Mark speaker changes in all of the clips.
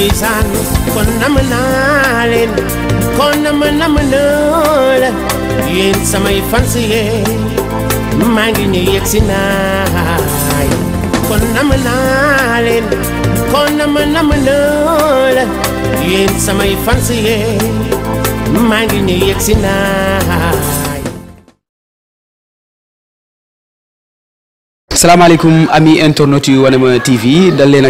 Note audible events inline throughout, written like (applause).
Speaker 1: ndeysaan kon nam naa leen kon nam nam yéen samay fans yee maa ngi ni yegsi naa kon nam naa leen kon nam yéen samay fans yee maa ngi ni naa Salam alaikum ami internet yu Wanema TV Dans leen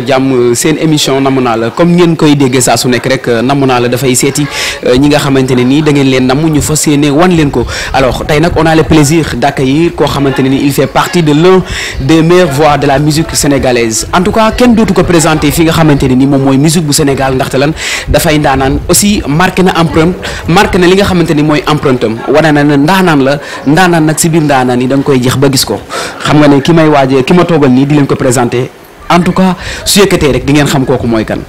Speaker 1: c'est une émission namm comme ngeen koy dégg saa su nekk rek namm naa la dafay seeti euh, ñi nga ne da ngeen leen ñu alors tey on a le plaisir d'accueillir koo xamante il fait partie de l'un des meilleurs voix de la musique sénégalaise en tout cas ken dootu que présenter fi nga xamante Mon musique du Sénégal ndaxte lan dafay aussi marque na empreinte marque na ligne nga xamante mooy empreinte am wane na ne la ndaanaan nag si biir ndaanaan ni da koy jeex ba gis ko xam nga ne ki waajee ki ma toogal nii di leen ko présenté en tout cas su yëkkatee rek di ngeen xam kooku mooy kan.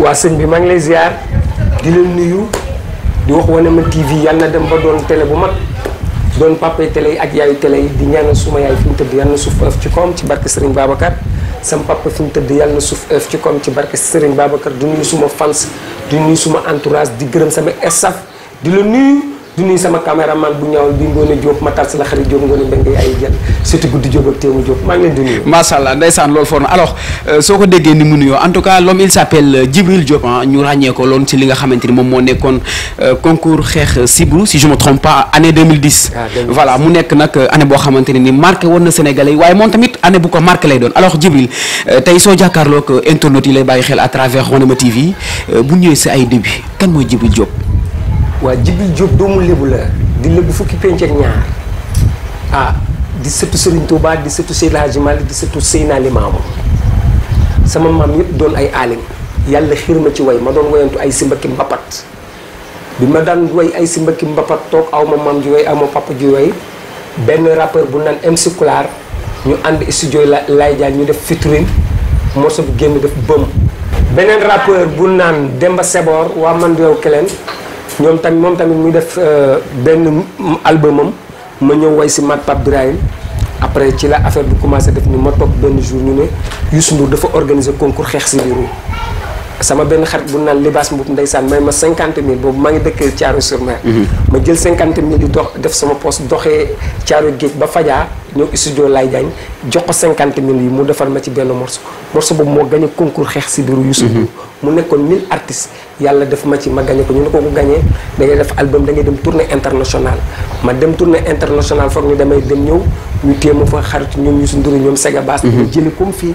Speaker 1: waa sëñ bi maa ngi lay ziar di leen nuyu di wax Wanema TV yal na dem ba doon tele bu mag doon papay tele yi ak yaayu tele yi di ñaanal suma yaay fi mu tëdd yal na suuf ëf ci koom ci barke Serigne Babacar sam papa fi mu tëdd yal na suuf ëf ci koom ci barke Serigne Babacar di nuyu suma fans di nuyu suma entourage di gërëm sama staff di la nuyu. du nuyu sama caméraman bu ñaawul bi Ngoné Diop Matar si la xarit Diop Ngoné Mbengue ay jël surtout guddi Diop ak Téemu Diop maa ngi leen loolu foog na alors euh, soo ko déggee ni mu nuyoo en tout cas l'homme il s'appelle euh, Djibril Diop ah, loon ci li nga xamante ni moom moo nekkoon euh, concours xeex sibru si je me trompe pas année 2010. Ah, voilà mu nekk nag année boo xamante ne ni marqué woon na Sénégalais waaye moom tamit année bu ko marqué lay doon alors Djibril tey soo jàkkaarloog internautes yi lay bàyyi xel à travers Rondema TV bu ñëwee si ay début kan mooy Djibril Diop. waa jibil do doomu lebu la di lebu fukki penc ak ñaar ah di sëtu Serigne Touba di sëtu Seydi Hadji Malick di sëtu Seyna Limaamu sama mam yëpp doon ay alim yalla xirma ma ci way ma doon wayantu ay si mbapat bi ma daan way ay si mbapat tok aw ma mam ju way aw ma papa ju way ben rapper bu nan MC ñu and studio lay jaan ñu def featuring morceau bu genn def bëm benen rapper bu nan Demba Sebor wa man rew kelen ñoom tamit moom tamit muy def euh, benn albumam ma ñëw way si Mat Pape Birahim après ci la affaire bi commencé def ni ma toog benn jour ñu ne Youssou Ndour dafa organiser concours xeex si biiru sama benn xarit bu naan libaas mbub ndeysaan may ma cinquante mille boobu maa ngi dëkk Thiaroye sur Mer mhm. ma jël cinquante mille di dox def sama poste doxee Thiaroye géej ba fajaa ñëw studio lay jaañ jox ko cinquante mille yi mu defar ma ci benn morceau morceau boobu moo gagné concours xeex si biiru Youssou mhm. mu nekkoon mille artistes yàlla def ma ci ma gagné ko ñu ne ko ku gagné da ngay def album da ngay dem tournée internationale ma dem tournée internationale foog ñu damay dem ñëw ñu téye ma fa xarit ñoom Youssou Ndour ñoom Sega Bass ñu mhm. jëli comme fii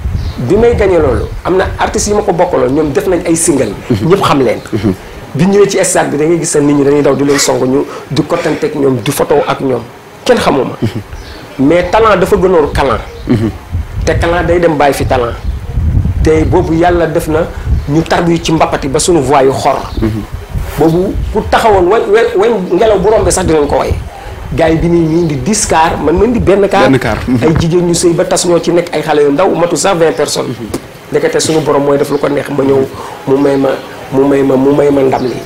Speaker 1: bi may gagné loolu am na artistes yi ma ko bokkaloon ñoom def nañ ay single ñëpp xam leen bi ñëwee ci stade bi da ngay gis sa nit ñi dañuy daw di leen song ñu di kottante ak ñoom di photo ak ñoom kenn xamuma mais talent dafa gënoon kalan te kalan day dem bàyyi fi talent te boobu yàlla def na ñu tarbu ci mbappati ba suñu voix yu xor boobu pour taxawoon wa wañ ngelaw bu rombee sax dinañ ko way gars yi bi nii ñii di dix car man man di benn car (laughs) ay jigéen ñu sëy ba tas ñoo ci nekk ay xale yu ndaw matu sax vingt personnes mhm. ndekete suñu borom mooy def lu ko neex ma ñëw mu may ma mu may ma mu may ma ndam li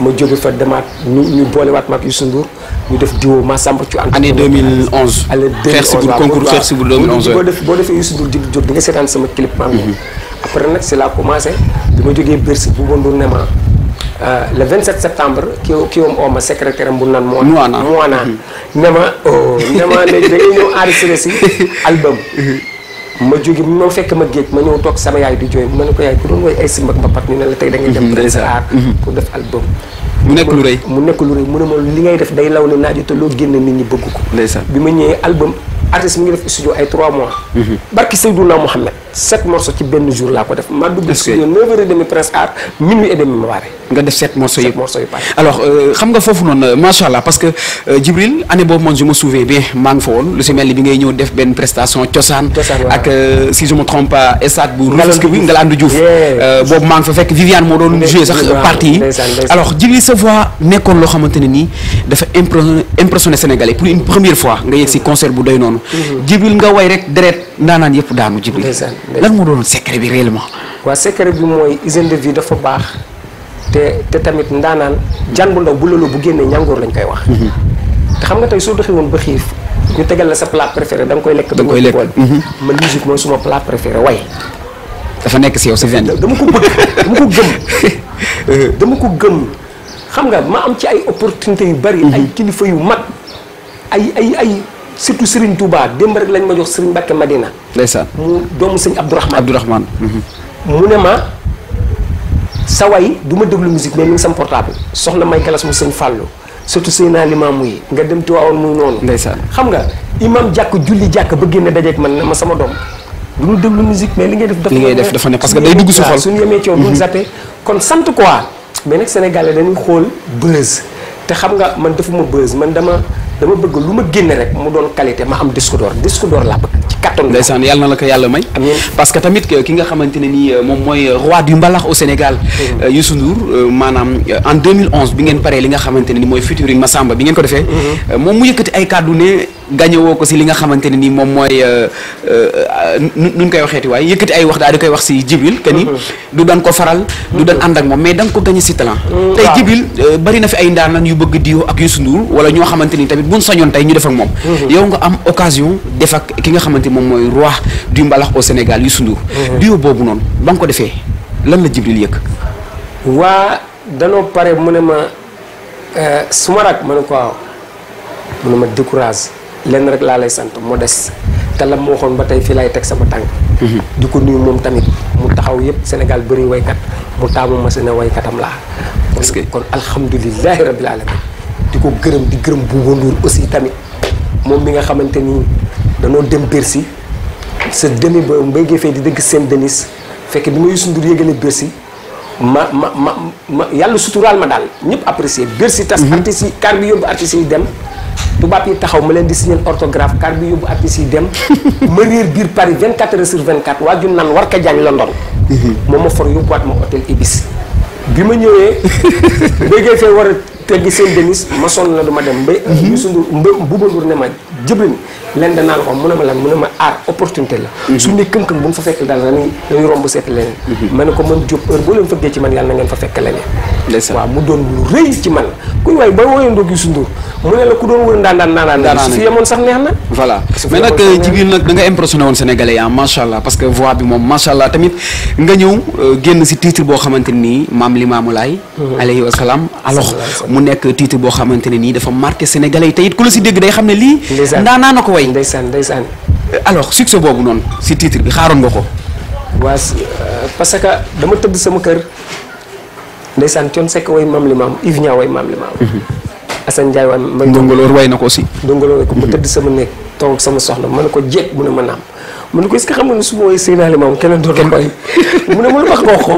Speaker 1: ma jóge fa demaat ñu ñu boolewaat ma ak Youssou Ndour ñu def diwo ma samba ci ànd. année 2011. année 2011 xeex si bu concours xeex si bu 2011 boo def boo defee Youssou Ndour di jóg di nga seetaan sama clip. maa ngi mhm. après nag c'est la commencé bi ma jógee Bercy bu Ndour ne ma. Euh, le 27 septembre ki kiwam ooma secrétaire bu nan moo Mouana Mouana mhm. ne ma oh, ne ma ne dañuy ñëw enregistré si (laughs) album ma jóge ma fekk ma géej ma ñëw toog sama yaay di jooy ma ne ko yaay ku doon woy ay simbak mbapat ñu ne la tey da ngay dem prési mhm, art mhm. pour def album mu nekk lu rëy mu nekk lu rëy mu ne ma li ngay def day law ne naaju te loo génn nit ñi bëgg ko ndeysaan bi ma ñëwee album artiste mi ngi def studio ay 3 mois barki Seydou Mouhamed 7 morceaux ci ben jour laa ko def. ma dugg studio 9h30 presse art minuit et demi ma pare. nga def 7 morceaux yëpp morceaux yu pare. alors euh, xam nga foofu noonu macha allah parce que euh, jibril année boobu man je me souviens bien maa ngi fa lu ci mel bi ngay ñew def ben prestation tiosan ak euh, si je me trompe pas stade bu. Rufisque bi Ngalandou Diouf. boobu maa ngi fa fekk Viviane moo doon jouer sax partie alors jibril se voit nekkoon lo xamanteni ni dafa impressionner Sénégalais pour une première fois nga yegg si concert bu doy non mm-hmm. jibril nga way rek deret ndaanaan yëpp daanu jibril lan moo doon secret bi réellement. waaw secret bi mooy hygiène de vie dafa baax te te tamit ndaanaan jaan bu ndaw bu loolu bu génnee ñàngoor lañ koy wax. Mhm. te xam nga tey soo doxee woon ba xiif ñu tegal la sa plat préféré da koy lekk. da nga koy lekk mhm. man musique mooy suma plat préféré dafa nekk si yow sa dama ko bëgg dama ko gëm. (laughs) Euh. dama ko gëm xam nga ma am ci ay opportunité yu bari. Mhm. ay kilifa yu mag ay ay ay. surtout Serigne tubaa démb rek lañ ma jox Serigne Mbacke Madina. ndeysaan mu doomu sëñ Abdourahman Abdourahman. Mhm. mu ne ma sa way du ma déglu musique mais mi ngi sam portable soxna may galas mu sëñ Fallou surtout sëñ naa limaam yi nga dem Tiwaawoon muy noonu. ndeysaan xam nga imam jàkk julli jàkk ba génne dajeeg man ne ma sama doom. du ñu déglu musique mais li ngay def. li ngay def dafa ne parce que day dugg su xol suñu yemee coow duñ zappé kon sant quoi mais nag sénégalais dañuy xool buzz te xam nga man ma buzz man dama. dama bëgg lu ma génne rek mu doon qualité ma am disque d'or disque d'or laa bëgg ci kattan ndeysaan yàlla na la ko yàlla may parce que tamit ki nga xamante nii euh, moom mooy euh, roi du mbalax au Sénégal euh, Youssou Ndour maanaam en bi ngeen paree li nga xamante ne ni mooy featuring Massamba bi ngeen ko defee moom mu yëkkati ay kàddu ne gagné woko ci li nga ni mom ni euh euh, euh nuñ koy waxeeti way yëkëti ay wax daal di wax si jibril kani ni mhm. du doon ko faral du dan and ak mom mais da ko gagné ci talent mm, tay jibril euh, bari na fi ay ndaanaan yu bëgg diiw ak wala ño xamanteni tamit buñ soñoon tay ñu def ak mom mhm. yow nga am occasion def ak ki nga xamanteni mom moy roi du mbalax au Sénégal Youssou Ndour mhm. diiw bobu non ko défé lan la jibril yëk wa pare mu ne ma euh sumarak ma ko ma décourage len rek la lay sante mo dess te lam mo waxoon batay fi lay tek sama tank mhm. du ko nuyu mom tamit mu taxaw senegal Sénégal way kat mu tamu ma sene way katam la parce que kon alhamdulilahi rabbil alamin di ko di gërëm bu Ndour aussi tamit mom mi nga xamanteni da no dem Bercy ce demi boy Mbaye gefe di deug sen Denis fekk bima ma Youssou yegale Bercy ma ma ma yalla sutural ma dal ñep apprécier Bercy tas mhm. artiste yi car bi yi dem. tubaab yi taxaw ma leen di signer orthographe car bi yóbbu apis yi dem (laughs) ma réer biir Paris 24 heures sur 24 waa jun naan war ka jaañ London mhm. moom ma for yóbbuwaat ma hôtel Ibis bi ma ñëwee béggee fee war kër gi seen denis ma sonn na du ma dem mhm. mba sundu bu bubandur ne ma jibril len da la ko mu ne ma lan mu ne ma ar opportunité la mhm. su ne këm-këm bu fa fekk dal ni dañu romb set leneen mhm. man ko man jóg heure boo leen fëggee ci man yalla na ngeen fa fekk leneen wa mu doon lu reuy ci man kuñ way ba wooyee ndog yu sundu mu ne la ku doon wër ndaandaan ndaandaan su yemon sax neex na voilà mais nak jibril nak da nga impressioné won sénégalais ya ah, ma sha allah parce que voix bi mom ma sha allah tamit nga ñew euh, genn ci titre bo xamanteni mam maam limaamu alayhi wa salam alors mu mu nekk titre boo xamante ne nii dafa marqué sénégalais yi te it ku la si dégg day xam ne lii. ndaanaa na ko way ndeysaan euh, bi xaaroon nga ko. waa euh, parce que dama tëdd sama kër ndeysaan Thione Seck way maam li maam Yves Niang way maam li maam. Assane Ndiaye waay mbay. Ndongolor way na ko aussi. Ndongolor way ko ma mhm. tëdd sama néeg toog sama soxna ma ne ko jéeg mu ne ma naam ma ne ko est-ce xam ne su ma woowee Seydina keneen doon ko way (laughs) mu ne ma lu wax nga ko.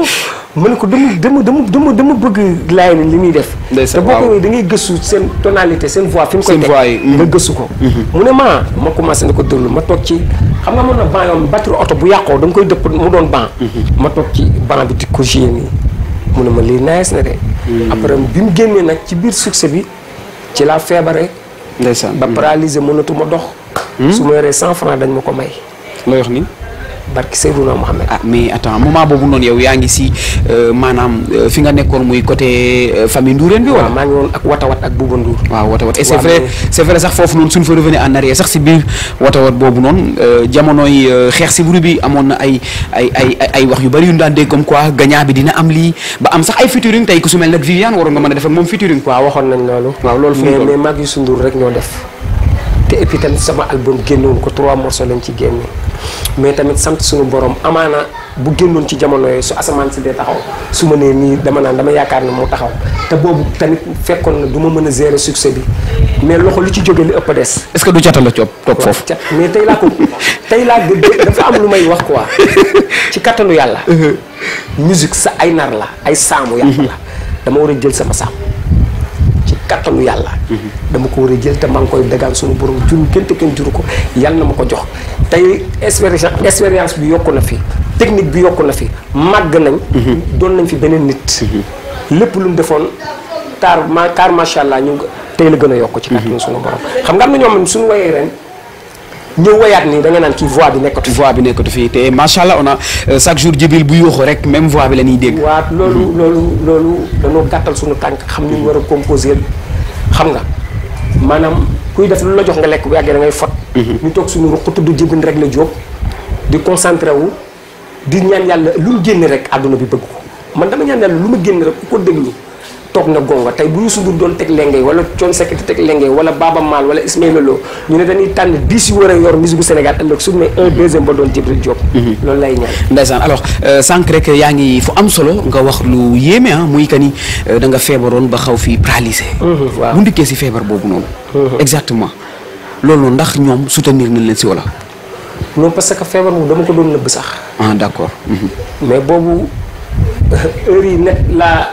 Speaker 1: mu ne ko dama dama dama dama bëgg laay li muy def. te boo ko da ngay gëstu seen tonalité seen voix fi mu koy teg nga mhm. gëstu ko. Mhm. mu ne maa ma commencé na ko déglu ma toog ci xam nga mën na ban bu yàqoo da nga koy dëpp mu doon ban. Mhm. ma toog ci ban bi di ko gérer mu ne ma lii neex na de. après bi mu génnee nag ci biir succès bi ci laa feebare. ndeysaan ba paralysé mënatuma dox. su ma yoree cent franc dañ ma ko may. looy wax nii. barki Seydouna Mohamed. ah mais attends moment boobu noonu yow yaa ngi si euh, maanaam euh, fi nga nekkoon muy côté euh, famille Ndourène bi wala. maa ngi woon ak watawat ak Bouba Ndour. waaw watawat et c'est vrai c'est vrai sax foofu noonu suñ fa si biir bi amoon na ay ay ay ay wax yu bari yu daan dégg comme quoi gagnant bi dina am lii ba am sax ay featuring su mel nag Viviane waroon nga mën a def ak moom featuring quoi. waaw waxoon nañ loolu. waaw loolu fu mu mais mais mag yu sundur rek ñoo def te et puis tamit sama album génnoon ko trois morceaux lañ ci génne. mais tamit sant suñu borom amaana bu génnoon ci jamono yooyu su asamaan si dee taxaw su ma nee nii dama naan dama yaakaar ne mu taxaw te boobu tamit fekkoon na du ma mën a gérer succès bi mais loxo li ci jóge li ëpp a des. est que du cata la coob toog foofu. mais tey laa ko (laughs) tey laa gën dafa am lu may wax quoi (laughs) ci kattalu yàlla. Uh-huh. musique sa ay nar la ay saamu yàlla la uh-huh. dama war a jël sama saam. kattanu yàlla dama ko war a jël te maa ngi koy dagaan suñu borom juru kente kenn juru ko yàlla na ma ko jox tey expérience bi yokku na fi technique bi yokku na fi màgg nañ doon nañ fi beneen nit lépp lu mu defoon taar ma taar macha allah ñu tey la gën a yokk ci kattanu suñu borom xam nga am na ñoo ñoom suñu wayee ren ñëw wayaat nii da nga naan kii voix bi nekkatu voix bi nekkatu fii te macha allah on a euh, chaque jour jibil bu yuuxu rek même voix bi la ñuy dégg waaw loolu loolu loolu dañoo gàttal suñu tànk xam ñu war a composer xam nga maanaam kuy def lu la jox nga lekk bu yàggee da ngay fot mhm. ñu toog suñu ruq tudd jibin rek la jóg di concentré wu di ñaan yàlla lu mu génn rek àdduna bi bëgg ko man dama ñaan yàlla lu ma génn rek ku ko ñi toog na gonga tey bu ñu sundur doon teg lengay wala Thione teg lengay wala Baba Maal wala Ismaïla Lo ñu ne dañuy tànn dix yu war a yor musique Sénégal ëllëg su un deuxième ba doon Djibril Diop mhm. loolu lay ñaan ndeysaan alors euh, sànq rek yaa ngi fu am solo nga wax lu yéeme ah muy que ni euh, da nga feebaroon ba xaw fi paralysé mhm, bu ndikkee si feebar boobu noonu mhm. exactement loolu ndax ñoom soutenir nañ leen si wala non parce que feebar moom dama ko doon nëbb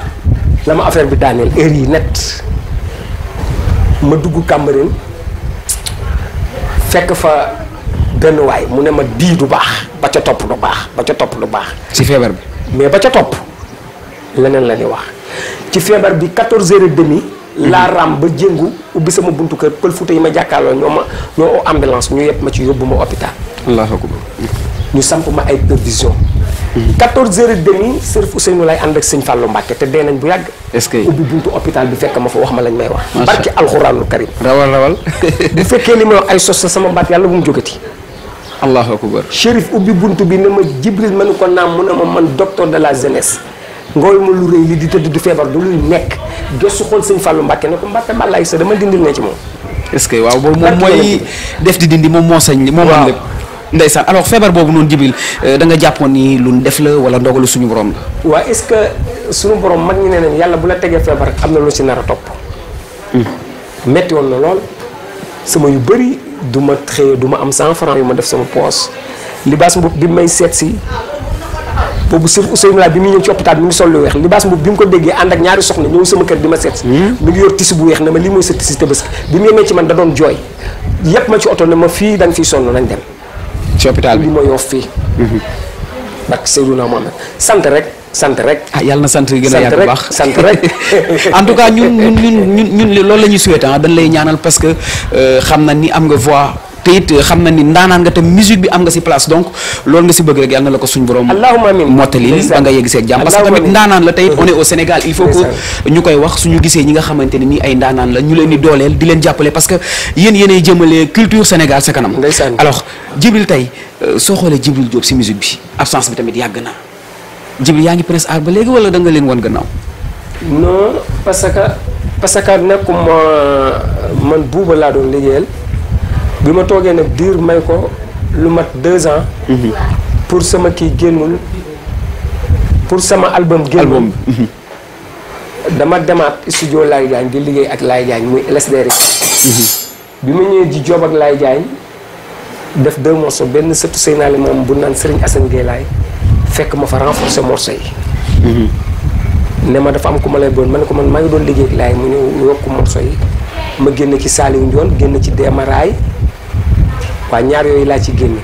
Speaker 1: (laughs) la affaire bi Daniel heure yi net ma dugg Cambérène fekk fa benn way mu ne ma di du bax ba ca top lu bax ba ca top lu bax ci feebar bi. mais ba ca top leneen la ni wax ci bi 14 h 30 la ram ba jengu ubi sama buntu keur pel fuuta yi ma jakalo ñoo ñoo ambulance ñu yëpp ma ci yobuma hôpital. allahu akbar ñu samp ma ay quatorze heures et demie sër Ousseynou lay ànd ak sëñ Fallou Mbacke te dee nañ bu yàgg est-ce que ubbi buntu hôpital bi fekk ma fa wax ma lañ may wax barki alxuraanul karim rawal rawal (laughs) bu fekkee li may wax ay sos sa sama mbaat yàlla bu mu jógati allahu akbar Chérif ubbi bunt bi ne ma Jibril ma ne ko naam mu ne ma man docteur de la jeunesse ngooy ma lu rëy li di tëdd du feebar du luy nekk gëstu xool sëñ Fallou Mbacke ne ko Mbacke Mbàllaay sa dama dindil ne ci moom est-ce que waaw boobu moom mooy def di dindi moom moo sañ li moom lépp ndeysaan alors febar bobu non jibil euh, da nga jàppoon ni lu def la wala ndogalu suñu borom la. wa est-ce que suñu borom mag ñi neen yalla bu la tege febar amna lu ci nara top topp. Hmm. metti won na lol sama yu bari duma ma duma am 100 francs yu ma def sama poos libaas mbub bi may setsi bobu boobu Cheikh la bi mi ñew ci hôpital mi ngi sol lu weex libaas mbub bi mu ko déggee and ak ñaari soxna ñew sama kër di ma seet mi hmm. ngi yor tisi bu wex na ma lii mooy sa te bëss bi mu yemee ci man da doon joy yépp ma ci auto na ma fi da fi sonu nañ dem ci hôpital bi ma fii. Mhm. ak Seydouna Mohamed sant rek sant rek. ah yàlla na sant gën a yàgg baax sant rek (laughs) en tout cas ñun ñun ñun ñun loolu la ñuy souhaité ah, lay ñaanal parce que euh, xam na ni am nga voix. te it xam na ni ndaanaan nga te musique bi am nga si place donc loolu nga si bëgg rek yàlla na la ko suñ borom mottali ba nga yegg seeg jàmm parce que tamit ndaanaan la tey on est au Sénégal il faut que ñu koy wax suñu gisee ñi nga xamante ne nii ay ndaanaan la ñu leen di dooleel di leen jàppale parce que yéen yéenay jëmale culture Sénégal sa kanam alors Djibril tey euh, soo xoolee Djibril Diop si musique bi absence bi tamit yàgg na Djibril yaa ngi Prince Art ba léegi wala da nga leen woon gannaaw non parce que parce que nekkuma man buuba laa doon liggéeyal bi ma toogee nag diir may ko lu mat deux ans. Mhm. pour sama kii génnul pour sama album génnul. Mhm. dama demaat studio Laye Diagne di liggéey ak Laye Diagne muy LSD rek. Mhm. bi ma ñëwee ji job ak Laye Diagne def deux morceaux benn sëtu sëy naa moom bu naan Serigne Assane Gueye fekk ma fa renforcer morceaux yi. ne ma dafa am ku ma lay doon ma ne ko man maa ngi doon liggéey ak Laye mu ñëw yokk morceaux yi ma génn ci Saliou Ndiol génn ci Demaraay. waa ñaar yooyu laa ci génne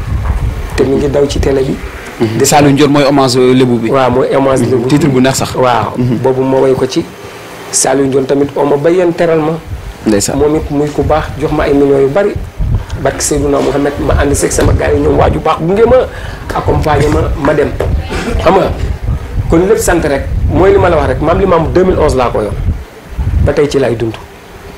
Speaker 1: te mu ngi daw ci télé bi. Mhm. de Saalum Dior mooy hommage euh, lébu bi. waaw mooy hommage mhm. lébu titre bu neex sax. waaw mhm. boobu ma way ko ci saalu Dior tamit oo ma ba yéen teral ma. ndeysaan moom it muy ku baax jox ma ay millions yu bari. barke Seydina Mouhamed ma ànd seeg sama gars yi ñoom waaju baax gunge ma accompagné ma ma dem xam kon lépp sant rek mooy li ma la wax rek maam li ma am 2011 laa ko yor ba tey ci laay dund.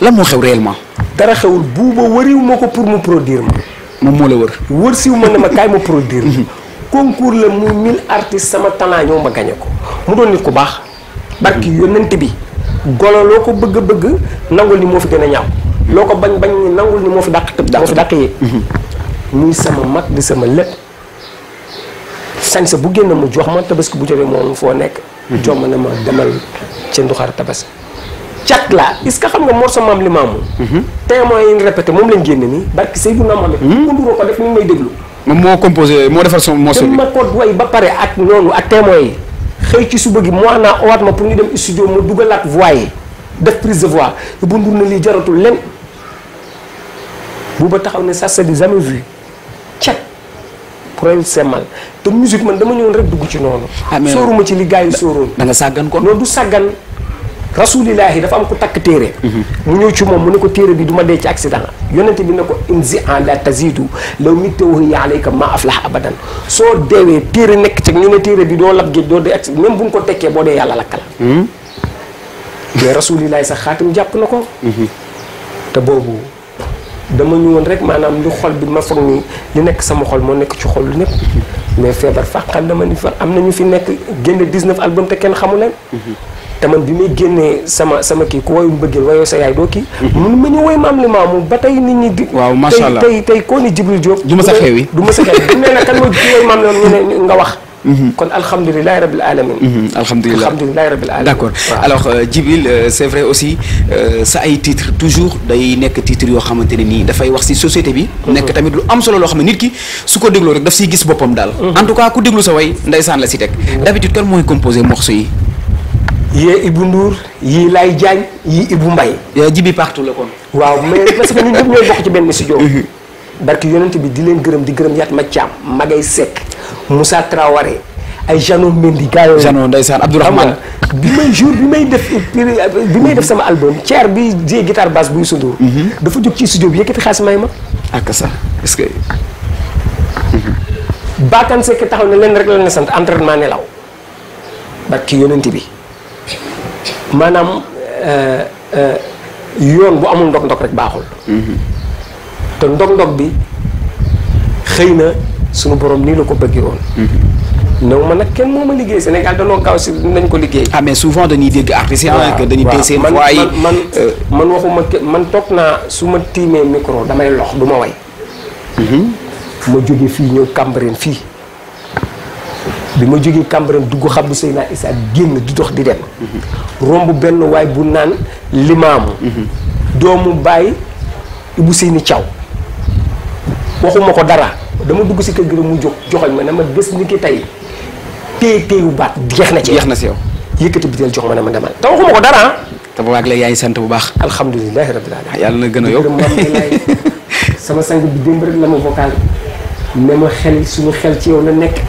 Speaker 1: lan moo xew réellement. dara xewul buuba wëriw ko pour mu produire ma. moom moo la wër. wër siw ma ne ma kaay ma (laughs) produire. concours la muy mille sama talent ñoo ma gagné ko mu doon nit ku baax. barki yónnante bi. golo loo ko bëgg bëgg nangul ni moo fi gën a ñaaw. loo ko bañ bañ ni nangul ni moo fi dàq tëb. moo fi dàq yee. muy sama mag di sama lépp. sañ sa bu génn mu jox ma tabaski bu jotee moom foo nekk. jox ma ne ma demal ci nduxar tabaski. cat la est ce que xam nga morso maam li maamu. témoin yi ñu répété mom lañu génne ni barki def mu kunduroo ko def ni may déglu. moom mo composé mo defar son morceau bi. ma ko doy ba pare ak nonu ak témoin yi xëy ci suba gi mu naa owaat ma pour ñu dem studio ma dugalaat voix yi def prise de voix bu ndur na li jaratul len bu ba taxaw ne ça c'est jamais vu cat problème c'est mal te musique man dama ñëwoon rek dugg ci nonu ah mais ci li gaay soru da nga sagan kon non du sagan rasulillahi dafa am ku takk téere mhm. mu ñëw ci moom mu ne ko téere bi duma ma dee ci accident yonente bi ne ko inzi an la tazidu law mittawahi alayka ma la abadan soo deewee téere nekk ci ñu téere bi doo lab géej doo dee accident même bu ñu ko tekkee boo dee yàlla lakkal hmm? mais rasulillahi sax xaatim jàpp na ko mhm. te boobu dama ñëwoon rek maanaam lu xol bi ma foog ni li nekk sama xol moo nekk ci xol lu népp mhm. mais feebar fàqal na ma ni fa am na ñu fi nekk génne 19 album te kenn xamu leen. te man bi may génnee sama sama kii ku woyu mbëggeel woyoo sa yaay doo kii. mun ma ñu woy maam li maamu ba tey nit ñi di. waaw macha allah tey tey koo ni Jibril Diop. du ma sa xewi du ma sa xewi (laughs) du ne la kan ma woy maam la ñu ne nga wax. كون الحمد لله رب العالمين الحمد لله الحمد لله رب العالمين داكور الوغ جبريل سي فري اوسي سا اي تيتر توجور داي نيك تيتر يو خامتيني ني دا فاي واخ سي سوسيتي بي نيك تاميت لو ام سولو لو خامتيني نيتكي سوكو ديغلو رك دا سي غيس بوبام دال ان توكا كو ديغلو سا واي ندايسان لا سي تك دابيتود كان موي كومبوزي مورسو يي يي ابو نور يي لاي جاج يي ابو مباي يا جيبي بارتو لا كون واو مي باسكو ني نيب لو سي بن سي جو barki yonent bi di len geureum di geureum yat ma cham magay sek musaa Traoré ay Jano Mendy gars yooyu. Jano ndeysaan Abdourahmane bi may jour bi may def bi may def sama album ceer bi jiyee guitare basse buy sundoo. Mhm. dafa jóg ci studio bi yëkkati xaalis may ma. ak sax que. Mhm. Bakkan Seck taxaw ne leen rek la leen sant entraînement nelaw barki yonent bi maanaam euh, euh, yoon bu amul ndog ndok rek baaxul. Mhm. te ndog-ndog bi xëy na. sunu borom ni lako ko bëggee woon. ma nak ken moma ma liggéey da danoo kaw ci nagn ko liggéey. ah mais souvent dañuy dégg artistes yi. que dañuy pécé seen voix yi man man euh, man waxuma man toog naa su ma micro damay lox duma way hmm ma joggé fi ñeu cambrène fi bi ma jógee Cambérène xabu seyna isa genn di dox di dem. Mhm. rombu benn way bu naan limaamu. Mhm. doomu baye Ibou Seyni Thiaw waxuma ko dara. dama dugg si kër gërëm mu jox joxoñ ma ne ma bés ni ki tey téye téewu baat jeex na ci jeex na si yow yëkkati biteel jox ma ne ma demal te waxuma ko dara te boobaag léegi yaa sant bu baax alhamdulilahi rabbil alamin ah, yàlla na gën a yokk (laughs) sama sang bi démb rek la ma vocal ne ma xel suñu xel ci yow la nekk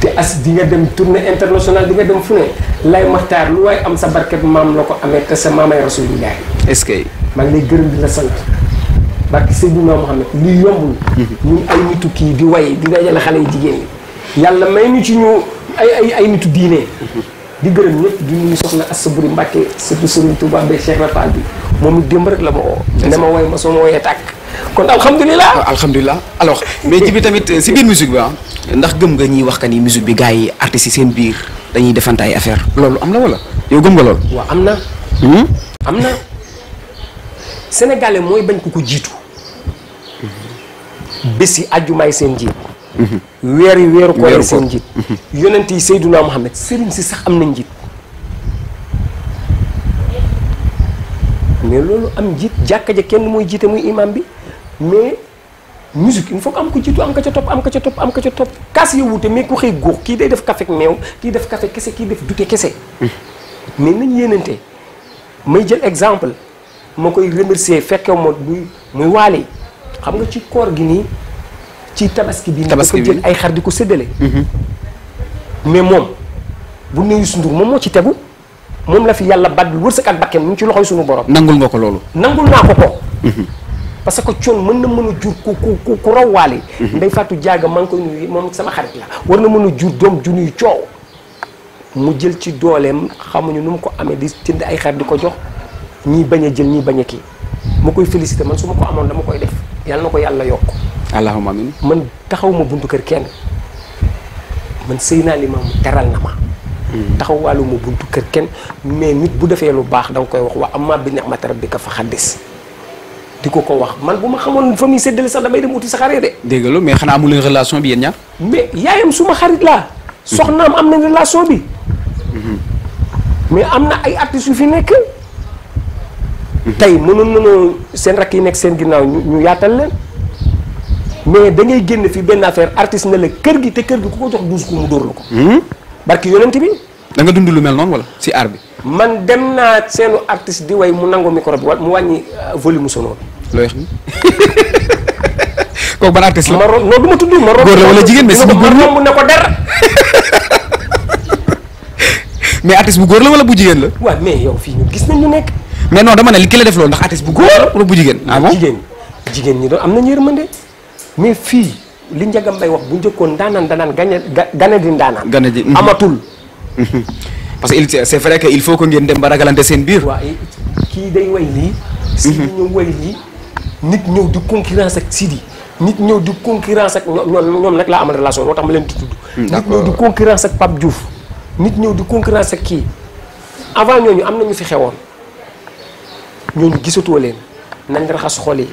Speaker 1: te as di nga dem tournée internationale di nga dem fu ne lay maxtaar lu waaye am sa barket maam la ko amee te sa maamay rasulillahi est-ce que maa ngi lay gërëm bi la sant barke Seydina Muhammad li yombul. Mhm. ñun ay kii di way di dajale xale yu jigéen ñi. yàlla may ñu ay ay diine. Mhm. di gërëm ñëpp soxna Assa Buri Mbàkke surtout Serigne Touba moom it démb rek la ma woo. ma woy ma soo ma woyee tàkk. kon alhamdulilah ah, alhamdulilah alors mais ci bi tamit euh, si biir musique bi ah, ndax gëm nga ñiy wax ka ni musique bi gars yi artistes yi seen biir dañuy defante ay affaire loolu am na wala yow gëm nga loolu. waaw am na. Hmm? am na. sénégalais mooy bañ ko ko jiitu. bés yi àjjumaay seen njiit mhm. weeri yi weeru koor seen njiit mhm. yonent yi Seydunaa Muhammad sëriñ si sax am nañ njiit mais loolu am njiit jàkka ja kenn mooy jiite muy imam bi mais musique il faut que am ko jiitu am ka ca topp am ka ca topp am ka ca topp kaas ya wuute mais ku xëy góor kii day def kafe ak meew kii def kafe kese kii def dute kese mhm. mais nañ yéenante may jël exemple ma koy remercier fekkew ma muy muy waale xam nga ci koor gi nii ci tabaski bi. tabaski bi ay xar di ko séddale. Mhm. mais moom bu ne Youssou Ndour moom moo ci tegu moom la fi yàlla bàddul wërsëg ak bakkeem mu ngi ci loxoy sunu borom. nangul nga ko loolu. nangul naa ko ko. Mhm. parce que coon mën na mën a jur ku ku ku waale. Mhm. nday fàttu jaaga maa ngi koy nuyu moom sama xarit la. war na mën a jur doom junuy coow mu jël ci dooleem xamuñu nu mu ko amee di jënd ay xar di ko jox ñi bañ a jël ñi bañ a kii mu koy félicité man su ma ko amoon dama koy def. yàlla na ko yàlla yokk. allahumma amin man taxaw ma buntu kër kenn man sëy naa li ma teral na ma. Hmm. taxawaalu ma buntu kër kenn mais nit bu defee lu baax da koy wax wa amma bi ni'mati rabbika fa xaddis di ko ko wax man bu ma xamoon fa seddale séddale sax damay dem uti sa xaree de. dégg mais xanaa amu leen relation bi yéen ñaar. mais yaayam suma xarit laa. Hmm. soxnaam am na relation bi. Hmm. mais am na ay artistes yu fi nekk. tey mënoon ñu seen rak yi nek seen ginnaw ñu yaatal leen mais da ngay genn fi ben affaire artiste na la kër gi te kër gi ku ko jox douze ko mu dor lako hmm barki yonent bi. da nga dund lu mel non wala ci art bi. man dem na seenu artiste di way mu nango micro bi mu wañi euh, volume sonore. loy xam ko ban artiste la. ma ro non du ma tudd ma ro. la wala jigen mais si gor mu ne ko dar (laughs) mais artiste bu gor la wala bu jigen la. wa mais yow fi ñu gis nañ ñu nekk. mais non dama ne li ki la def loolu ndax artiste bu góor wala bu jigéen. ah jigéen ñi doon am nañu yërmande mais fii li Ndiaga Mbaye wax bu njëkkoon ndaanaan danaan gane gane di ndaanaan. di mhm. amatul. (laughs) parce que il c'est vrai que il faut que ngeen dem ba ragalante seen biir. waaw kii day way lii. Sidi mhm. ñëw way lii. nit ñëw di concurrence ak Sidi. nit ñëw di concurrence ak ñoom ñoom nag laa amal relation moo tax ma leen di tudd. Hmm, nit ñëw di concurrence ak Pape Diouf. nit ñëw di concurrence ak kii. avant ñooñu am na ñu fi xewoon. ñooñu gisatoo leen nañ raxas xol yi.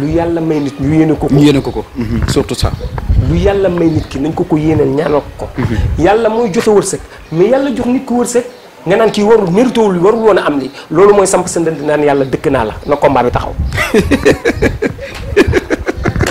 Speaker 1: lu yàlla may nit ñu yéene ko ko. ñu yéene ko ko surtout ça. lu yàlla may nit ki nañ ko ko yéenal ñaanal ko. yàlla mooy joxe wërsëg mais yàlla jox nit ko wërsëg. nga naan kii warul méritewul warul woon a am li loolu mooy samp sa ndënd naan yàlla dëkk naa la na combat bi taxaw. (laughs)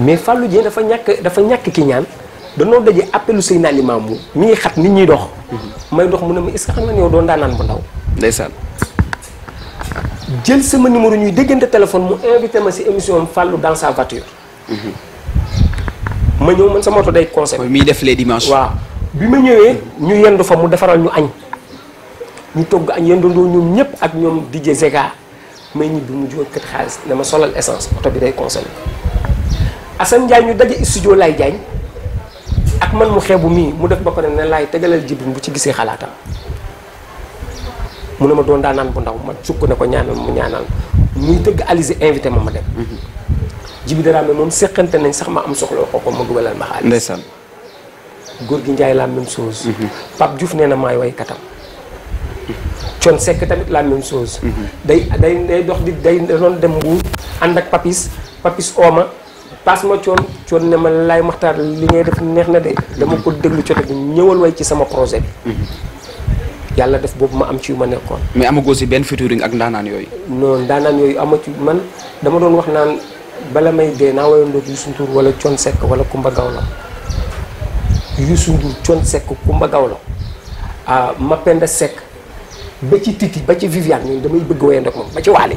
Speaker 1: mais Fallou Dieng dafa ñàkk dafa ñàkk ki ñaan danoo daje appelu say naa mu mi xat nit ñuy dox. Mhm. may dox mu ne ma est-ce que xam nga ne yow doo ndaw. ndeysaan. jël sama numéro ñuy déggante téléphone mu invité ma si émission am Fallou dans sa voiture. Mhm. ma ñëw man sama moto day conseil. muy def les dimanches. waaw bi ma ñëwee. ñu yendu fa mu defaral ñu añ. ñu togg añ yendandoo ñoom ñëpp ak ñoom DJ Zeka may ñibbi mu jóg kër xaalis ma solal essence oto bi day conseil. Assane Ndiaye ñu daje studio Laye Diagne ak man mu bu mii mu def ba pare ne laay tegalal jibin bu ci gisee xalaatam mu ne ma doon daa naan bu ndaw ma sukk ne ko ñaanal mu ñaanal muy dëgg Alizé invité ma ma dem. jibi daraame moom séqante nañ sax ma am soxla ko ko ma dugalal ma xaalis. góor gi njaay la même chose. Mhm. Pape Diouf nee na maay way katam. Thione Seck tamit la même chose. Mhm. day day dox di day doon dem Mbuur ànd ak papis papis ooma. paas ma coon coon ne ma laay maxtaar li ngay def neex na de dama ko déglu cote bi ñëwal way ci sama projet mhm. yàlla def boobu ma am ci yu ma nekkoon mais amagoo si benn featuring ak ndaanaan yooyu non ndaanaan yooyu ama ci man dama doon wax naan bala may dee naa wayoon doog Youssou Ndour wala Thione Seck wala Kumba Gawlo Youssou Ndour Thione Seck Kumba Gawlo ah Mapenda sekk ba ci Titi ba ci Viviane ñun damay bëgg wayandoo ak moom ba ci Waly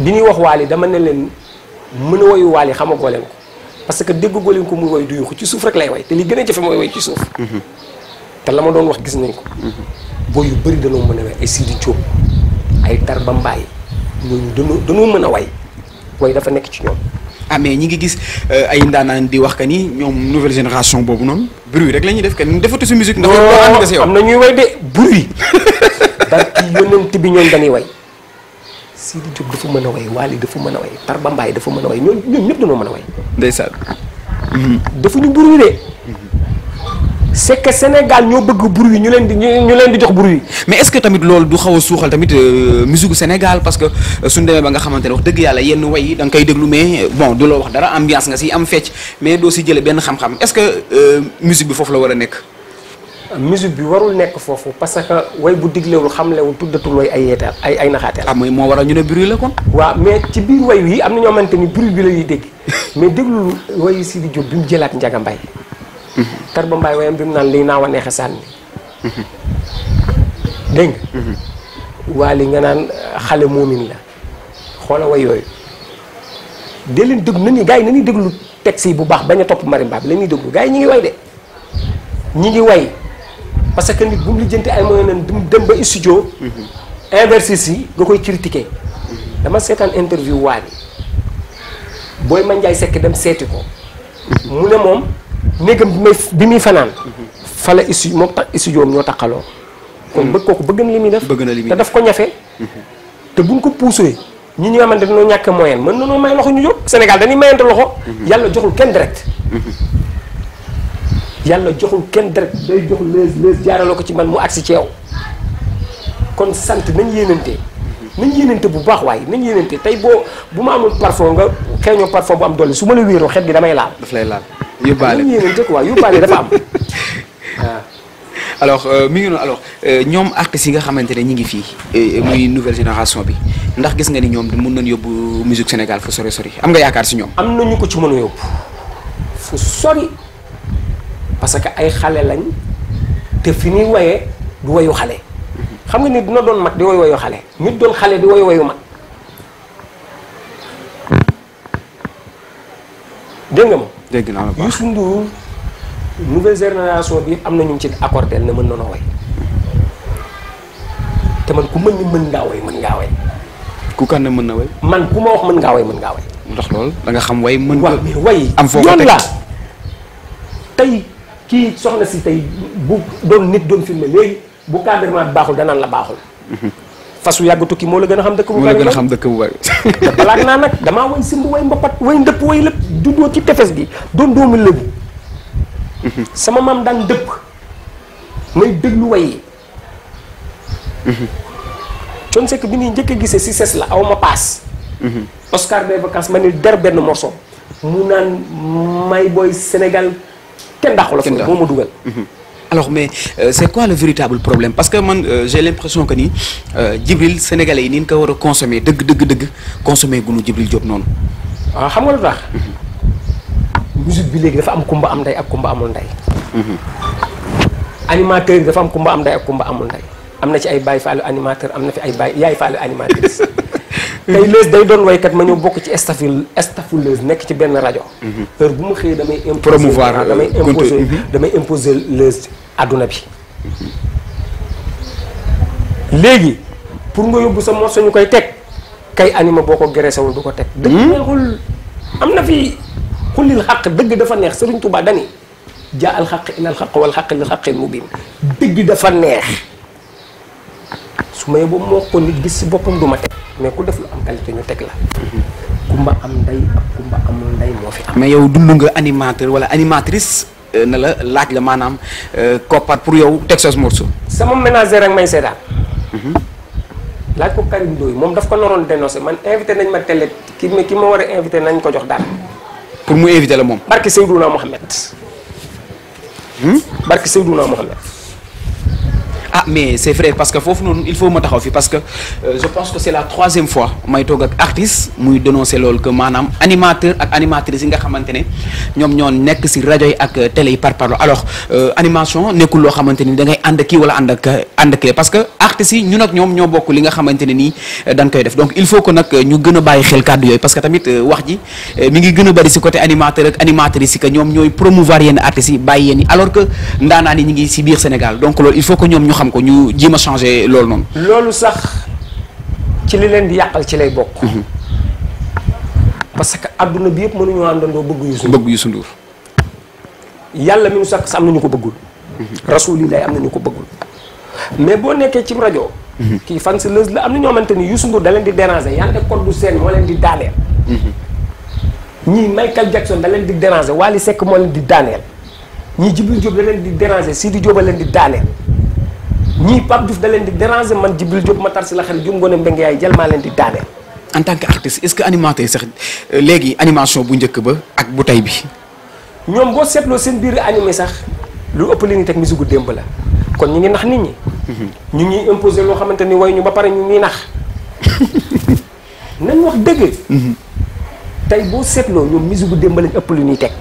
Speaker 1: bi ñuy wax waali dama ne leen mën a woyu waali xamagoo leen ko parce que déggagoo leen ko muy woy du yuuxu ci suuf rek lay way te li gën a jafe mooy woy ci suuf. Mm-hmm. te la ma doon wax gis nañ ko. booy mm-hmm. yu bëri danoo mën a way ay Sidi Diop ay Tarba Mbaye ñooñu danoo danoo mën a way way dafa nekk ci ñoom. ah mais ñi ngi gis euh, ay ndaanaan di wax que ni ñoom nouvelle génération boobu noonu bruit rek la ñuy def que ni defatu si musique. ndax yow am na ñuy way de bruit. daal (laughs) ci yónneent bi ñoom dañuy way. Sidi Diop dafa mën a way Wally dafa mën a way Tarba Mbaye dafa mën a way ñooñu ñoom ñëpp dañoo mën a way. ndeysaan. Mhm. dafa ñu buru de. c' Sénégal ñoo bëgg bruit ñu leen di ñu leen jox bruit mais est ce que tamit loolu du xaw a suuxal tamit euh, musique Sénégal parce que euh, suñu demee ba nga xamante ne wax dëgg yàlla yenn way yi da nga koy déglu mais euh, bon du loo wax dara ambiance nga si am fecc mais doo si jëlee benn xam-xam est ce que musique bi foofu la war a nekk. musique bi warul nek fofu parce que way bu diglewul xamlewul tuddatul way ay yeeteel ay ay naxaateel. am ah, mooy moo waral ñu ne bruit la kon. wa mais ci biir way wi amna ñoo ni bruit bi la ñuy dégg (laughs) mais déglul wayu Sidi Diop bimu mu Njaga Mbaay. Mhm. Tarba mbay wayam bimu nan li na naa wa neexe sànni. Mhm. dégg nga. Mhm. li nga nan euh, xale momin la xola way yoy de leen nani gay nani taxi bu baax baña top marimba bi lañuy ñuy gay ñi ngi way de ñi ngi way parce que nit bu mu lijjanti ay moyen mu dem ba studio. inverses yi nga koy critiquer dama seetaan interview waa bi booy Mandiaye sekk dem seeti ko. mu ne moom néegam bi bi muy fanaan. fala studio moom ta studio am ñoo taqaloo. kon bëgg kooku bëgg na li muy def. bëgg na li muy def te daf ko ñafe. te buñ ko puusee ñu ñu nga xamante ne ñàkk moyen mën na nañoo may loxo ñu jóg. Sénégal dañuy mayante loxo. Mmh. yàlla joxul kenn direct. Mmh. yàlla joxul kenn deret day jox lees lees jaaraloo ko ci man mu agsi ci yaw kon sant nañ yéenante nañ yéenante bu baax waaye nañ yéenante tey boo bu ma amul parfum nga xeeñoo parfum bu am doole su ma la wéeroo xet gi damay laal. daf lay laal yóbbaale nañ yéenante quoi yóbbaale dafa am (laughs) waaw. alors euh, mi ngi noonu alors euh, ñoom artistes si nga xamante ne ñi ngi fii euh, muy nouvelle génération bi ndax gis nga ni ñoom mën nañ yóbbu musique Sénégal fu sori am nga yaakaar si ñoom. am na ko ci mën a yóbbu sori. parce que ay xale lañ te fi ñuy waye du wayu xale xam nga nit dina doon mag di wayu wayu xale nit doon xale di wayu wayu mag dégg nga ma dégg naa la baax bi am na ñu ci accordé na mën noonu man ku mën ni mën ngaa way mën ngaa way ku kan mën na way man ku ma wax mën ngaa way mën ngaa way ndax loolu da xam way mën ko way am foo ko tey kii soxna si tey bu doon nit doon filmé léegi bu cadrement bi baaxul danaan la baaxul. fasu yàgg ki moo la gën a xam dëkk bu bari. moo la a xam dëkk bu bari. te balaag naa nag damaa way simb way mbapat way ndëpp way lépp juddoo ci tefes gi doon doomu lébu. sama maam daan dëpp may déglu way yi. Thione Seck bi ñuy njëkk a gisee si ses la awma ma paas. Oscar des vacances ma ni benn morceau. mu naan may booy Sénégal. kenn dàqu la foofu moo ma mhm. alors mais euh, c'est quoi le véritable problème parce que man euh, j'ai l'impression que ni euh, Djibril sénégalais yi ni ñu ko war a consommer dëgg dëgg dëgg consommer gunu Djibril Diop noonu waaw ah, xam nga lu mhm. musique bi léegi dafa am kumba am ndey ak kumba amul ndey mhm. animateur yi dafa am kumba am ndey ak kumba amul ndey am na ci ay baay faalu animateur am fi ay baay yaay faalu tey lees day doon waykat ma ñëw bokk ci staful stafuleuse nekk ci benn rajo. Mhm. heure bu ma xëyee damay. promouvoir euh, mhm. damay imposer damay imposer leuse adduna bi. Mhm. léegi pour nga yóbbu sa morceau ñu koy teg kay anime boo ko gereesewul du ko teg. dëgg neexul am na fi xullil xaq dëgg dafa neex Serigne Touba dani jaa al xaq ilal xaq wal xaq lil xaqil mubin dëgg dafa neex. sumay bo moko moo nit gis ci bopam duma tek mais ku def lu am qualité ñu tek la kumba am nday ak kumba am nday mo fi mais yow dund nga animateur wala animatrice euh, na la laaj la euh, ko par pour yow texas morceau sama ménager ak may seetaan mhm. laaj ko Karim doy mom daf ko noron dénoncer man invité nañ ma télé ki me ki mo war invité nañ ko jox dal pour mu invité la mom barke Seydouna hmm barke Seydouna mohammed ah mais c'est vrai parce que foofu il faut ma taxaw fi parce que euh, je pense que c'est la troisième fois may toog ak artiste muy dénoncer loolu que manam animateur et animatrice yi nga xamante ne ñoom ñoo nekk si ak euh, télé par parlo alors euh, animation nekkul loo xamante ni da ngay ànd kii wala ànd ak euh, ànd parce que artiste yi ñun ak ñom ñoo bokk li nga xamante ni nii euh, dañ koy def donc il faut que nak ñu gëna a xel kàddu yoy parce que tamit wax ji mi ngi gëna bari ci côté animateur ak animatrice que ñom ñoy promouvoir yene artistes yi yene alors que ndana ni ñi ngi si biir Sénégal donc lool il faut que ñoom xam ko ñu jéem ma changé loolu noonu. loolu sax ci li leen di yàqal ci lay bokk. Mhm. parce que adduna bi yëpp mënuñoo àndandoo bëgg Youssou Ndour bëgg Youssou Ndour. yàlla mi nu sàkk sa am na ñu ko bëggul. Mhm. rasulilah am na ñu ko bëggul. mais boo nekkee ci rajo. Mhm. kii fan si la am na ñoo xamante ni Youssou Ndour da leen di déranger yàlla code du seen moo leen di daaneel. ñii Michael Jackson da leen di déranger Wally sekk moo leen di daaneel. ñii Djibril Diop da leen di déranger si Diop a di daaneel. ñii Pape Diouf da leen di déranger man Djibril Diop Matar si la xarit jum ngoone mbeng yaay jël maa leen di daaneel. en tant que artiste est-ce que animateur sax euh, léegi animation bu njëkk ba ak bu tey bi. ñoom boo seetloo seen biir animé sax lu ëpp li ñuy teg musigu démb la kon ñu ngi nax nit ñi. Mhm. ñu ngi imposer loo xamante ni way ñu ba pare ñu ngi nax. (laughs) nañ wax dëgg. Mhm. tey boo seetloo ñoom musigu démb lañ ëpp lu ñuy teg.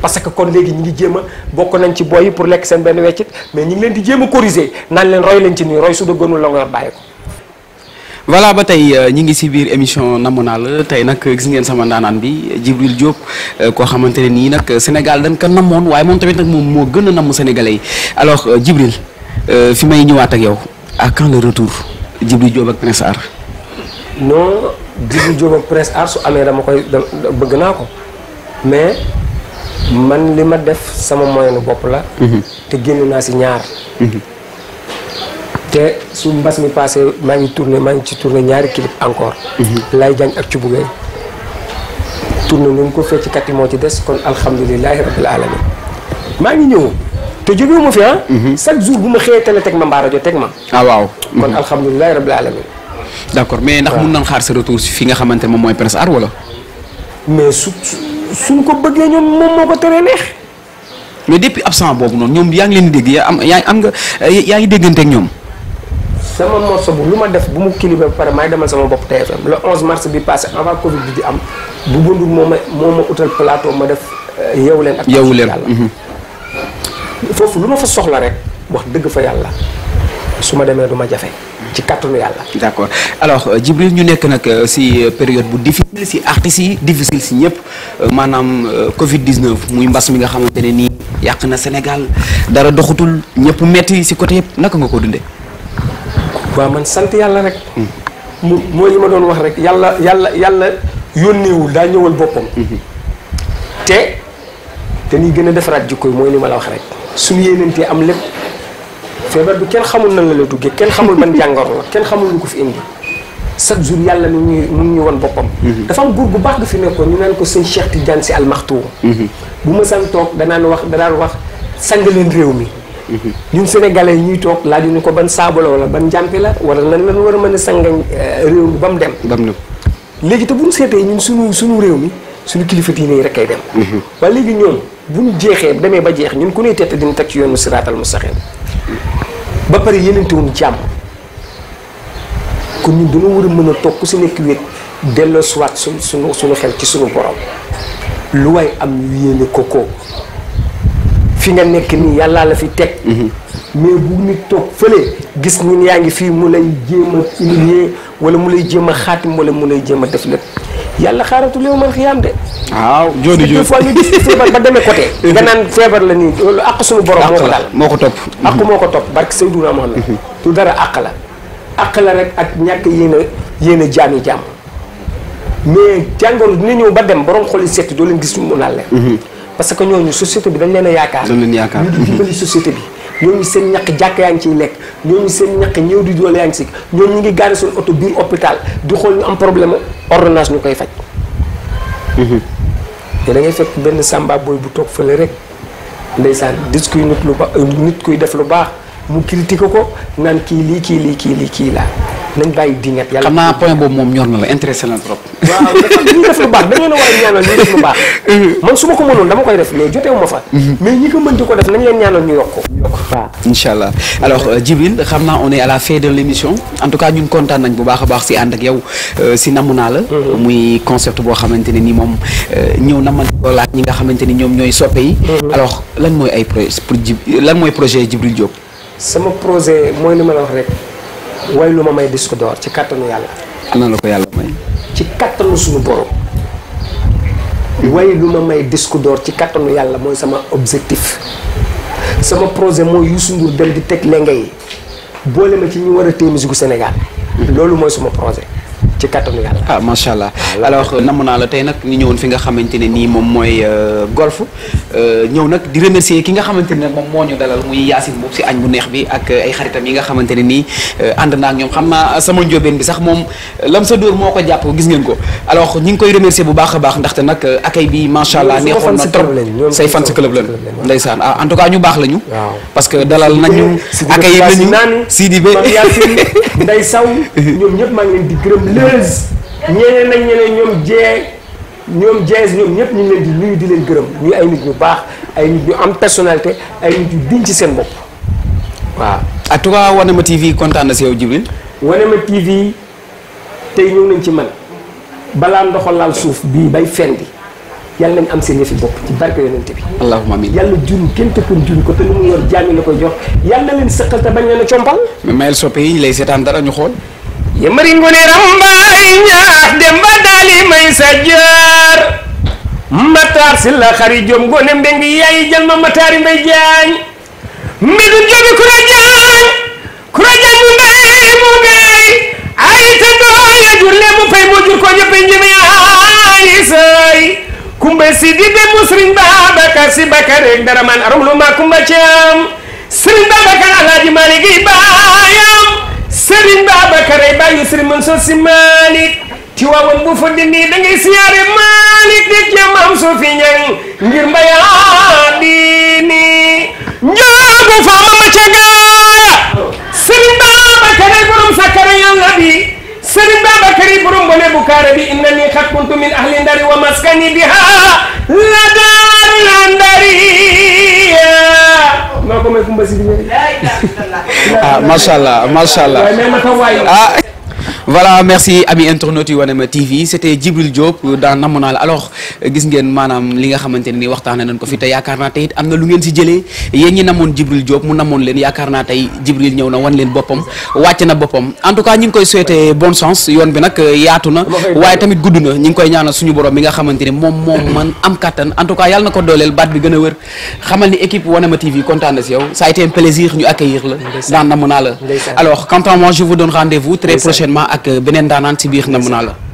Speaker 1: parce que kon léegi ñi ngi jéem a bokk nañ ci boy pour lekk seen benn weccit mais ñi ngi leen di jéem a corriger naan leen roy leen ci nii roy su dëggoonul la nga yor bàyyi ko voilà ba tey euh, ñi ngi si biir émission namu naa la tey nag gis ngeen sama ndaanaan bi Djibril Diop euh, koo xamante ne nii nag Sénégal dañ ko namoon waaye moom tamit nag moom moo gën a namm sénégalais yi alors euh, Djibril fi may ñëwaat ak yow à quand le retour Djibril Diop ak Prince Art non Djibril Diop bëgg naa ko man lima def sama moyenu bop la mhm. te gennu na ci ñaar mhm. te su mbass mi passé ma ngi tourner ma ngi ci tourner ñaari clip encore mhm. lay jagn ak ci buggee tourner ñu ko fecc kat mo ci dess kon alhamdullilah rabbil alamin ma ngi ñew te jógewu mu fi ah chaque jour bu ma xéetal tek ma mbara rajo tek ma ah waaw kon alhamdullilah rabbil alamin d'accord mais ndax mun nañ xaar sa retour ci fi nga xamantene moom moy Prince ar wala mais suñu ko bëggee ñoom moom moo ko teree neex. mais depuis absent boobu noonu ñoom yaa ngi leen di dégg yaa am yaa am nga eh, yaa ngi dégganteeg ñoom. sama morceau bu lu ma def bu mu kilibé ba pare maay demal sama bopp TFM le onze mars bi passé avant Covid bi di am bu bundur moo ma moo ma utal plateau ma def eh, yeewu leen. ak yeewu leen mhm. foofu lu ma fa soxla rek wax dëgg fa yàlla. su ma demee du ma jafe. ci kàttanu yàlla. d' accord alors euh, Djibril ñu nekk nag euh, si euh, période bu difficile si artistes yi difficile si ñëpp maanaam Covid 19 muy mbas mi nga xamante ne nii yàq na Sénégal dara doxatul ñëpp metti si côté yëpp naka nga ko dundee. waa man sant yàlla rek. mu hmm. mooy li ma doon wax rek yàlla yàlla yàlla yónneewul daa ñëwal boppam. Hmm. te dañuy gën a defaraat jikko yi mooy li ma la wax rek. suñu yéenantee am lépp. feebar bi kenn xamul nan la la duggee kenn xamul ban jàngoro la kenn xamul lu ko fi indi chaque jour yàlla mi ñuy mu ngi woon boppam. Mhm. dafa am góor bu baax nga fi nekkoon ñu naan ko sëñ Cheikh Tidiane si almaxtuum. Mhm. bu ma san toog danaan wax danaan wax sang leen réew mi. Mhm. ñun sénégalais yi ñuy toog laajuñu ko ban saabu la wala ban jàmpi la wala lan lan war a mën a sangañ eh, réew mi ba mu dem. dem léegi te bu ñu seetee ñun suñu suñu réew mi suñu kilifa diine yi rek kay dem. waaye léegi ñoom bu ñu jeexee demee ba jeex ñun ku ne tette dina teg ci yoonu siraatal mustaqim ba pare yéenante wuñ jàmm kon ñun dañoo war a mën a toog ku si nekk wéet delloo soit su suñu suñu xel ci suñu borom lu waay am ñu yéene kokoo fi nga nekk nii yàllaa la fi teg mhm. mais bu nit toog fële gis ñun yaa ngi fii mu lay jéem a humilier wala mu lay jéem a xaatim wala mu lay jéem a def lépp yàlla xaaratul yow man xiyaam de. waaw jooju jooju fois ñu gis feebar ba demee côté. (laughs) nga naan feebar la nii loolu àq suñu borom. moo ko daal moo ko topp. àq moo ko topp barke Seydina Muhammad. du dara àq la. àq la rek ak ñàkk yéen a yéen a jaam yi jàmm mais jàngoro dina ñëw ba dem borom xol yi seet doo leen gis mu naan leen. Mhm. parce que ñooñu société bi dañ leen a yaakaar. dañ leen yaakaar ñu ngi dimbali mhm. bi. ñooñu seen ñaq jàkk yaa ngi ciy lekk ñooñu seen ñaq ñëw di doole yaa ngi si ñoom ñu ngi gaari seen oto biir hôpital di xool ñu am problème ordonnance ñu koy faj mhm. te da fekk benn samba booy bu toog fële rek ndeysaan dis kuy nit lu baax nit kuy def lu baax mu critiqué ko nan ki lii kii lii kii lii kii laa nañ bàyyi dingat yàlla. xam naa point boobu mom ñor na la intéressé na trop. waaw ñuy def lu baax dañoo la war a ñaanal ñuy def lu baax. (laughs) man su ma ko mënoon dama koy def mais jotewu ma fa. Mhm. mais ñi ko mën di ko def nañ leen ñaanal ñu yokko ko. waaw alors euh, Djibril xamna on est à la fin de l'émission en tout cas ñun kontaan nañ bu baax baax si and ak yow euh, si namuna la. Mhm. muy concept bo xamanteni ni mom euh, ñew na man ko laaj ñi nga xamanteni ñom ñoy soppé yi. Mhm. alors lan moy ay projet pro lan moy projet jibril Diop. sama projet mooy li ma la wax rek way lu ma may disque d'or ci kattanu yàlla. na la ko yàlla may. ci kattanu suñu borom. way lu ma may disque d'or ci kattanu yàlla mooy sama objectif. sama projet mooy yu Ndour dem di teg lenge yi boole ma ci ñu war a téye musique mhm. loolu mooy suma projet. ci kattanu yàlla. ah macha allah alors euh, namm naa la tey nag ñu ñëwoon fi nga xamante ne nii moom mooy euh, golf. Euh, ñëw nag di remercier ki nga xamante ne moom moo ñu dalal muy Yacine Mboup si añ bu neex bi ak euh, ay xaritam yi nga xamante ne nii euh, ànd naa ak xam naa sama njóobeen bi sax moom lam sa dóor moo ko jàpp gis ngeen ko alors ñu ngi koy remercier bu baax a baax ndaxte nag accueil bi na trop say fan si club lañ ndeysaan ah, en tout cas ñu baax la ñu parce que dalal nañu accueil nañu Sidi Be ñoom ñëpp maa ngi di gërëm leuz ñeneen ak ñeneen ñoom jee ñoom Diaz ñoom ñëpp ñu leen di nuyu di leen gërëm ñuy ay nit ñu baax ay nit ñu am personnalité ay nit ñu diñ ci seen bopp waaw. en tout cas Wanema TV kontaan na si yow Djibril. Wanema TV tey ñëw nañ ci man balaa ndoxo laal suuf bii bay fendi yàlla nañ am seen yëfi bopp ci barke yonente bi. allahumma amiin yàlla jur kenn te kon jur ko te lu mu yor jaami la koy jox yàlla na leen sëqal te bañ leen a compal. mais mayel lay seetaan dara ñu xool. yëmbëri ngune rambaay ñaax dem ba may sa jaar mataar si la xari jom gone mbeng yaayi jal ma mataari mbay jaañ mbedu jomi kura jaañ kura jaañ mu mbey mu mbey ay te doole jur lee mu pay moo jur ko ñëpp njëme ay sëy kumba si di be mu sëriñ Babacar si Bakar rek dara man lu ma kumba caam sëriñ Babacar alaaji Maalik gi baayam Serigne Babacar ay bàyyi Serigne Mansour si Malick bu fa dindi da ngay siyaare Malick di ci maam soo fi ñang ngir mbayaa diini njaagu faama ma ca gaaya Serigne Babacar ay borom sakkara yàlla bi Serigne Babacar ay borom bone bu kaare bi inna ni kuntu min ahli ndari wa maskani biha la daar la ah macha allah macha allah. ah. voilà merci ami internautes yu Wanema TV c'était Djibril Diop dans Namonal alors gis ngeen maanaam li nga xamante ne ni waxtaane nañ ko fi te Yakarna naa tey it am na lu ngeen si jëlee yéen ni Namon Djibril Diop mu namoon leen Yakarna naa tey Djibril ñëw na wan leen boppam wàcc na boppam en tout cas ñi ngi koy souhaiter bon sens yoon bi nag euh, yaatu na tamit gudd na ñi ngi koy ñaanal suñu borom mi nga xamante ni moom man am katan. en tout cas yalla na dolel bat bi gëna wër. xamal ni équipe Wanema TV kontaan na yow ça a été un plaisir ñu accueillir la dans Namonal alors quant à moi je vous donne rendez-vous très prochainement ak euh, beneen daanaan si biir na mu naa la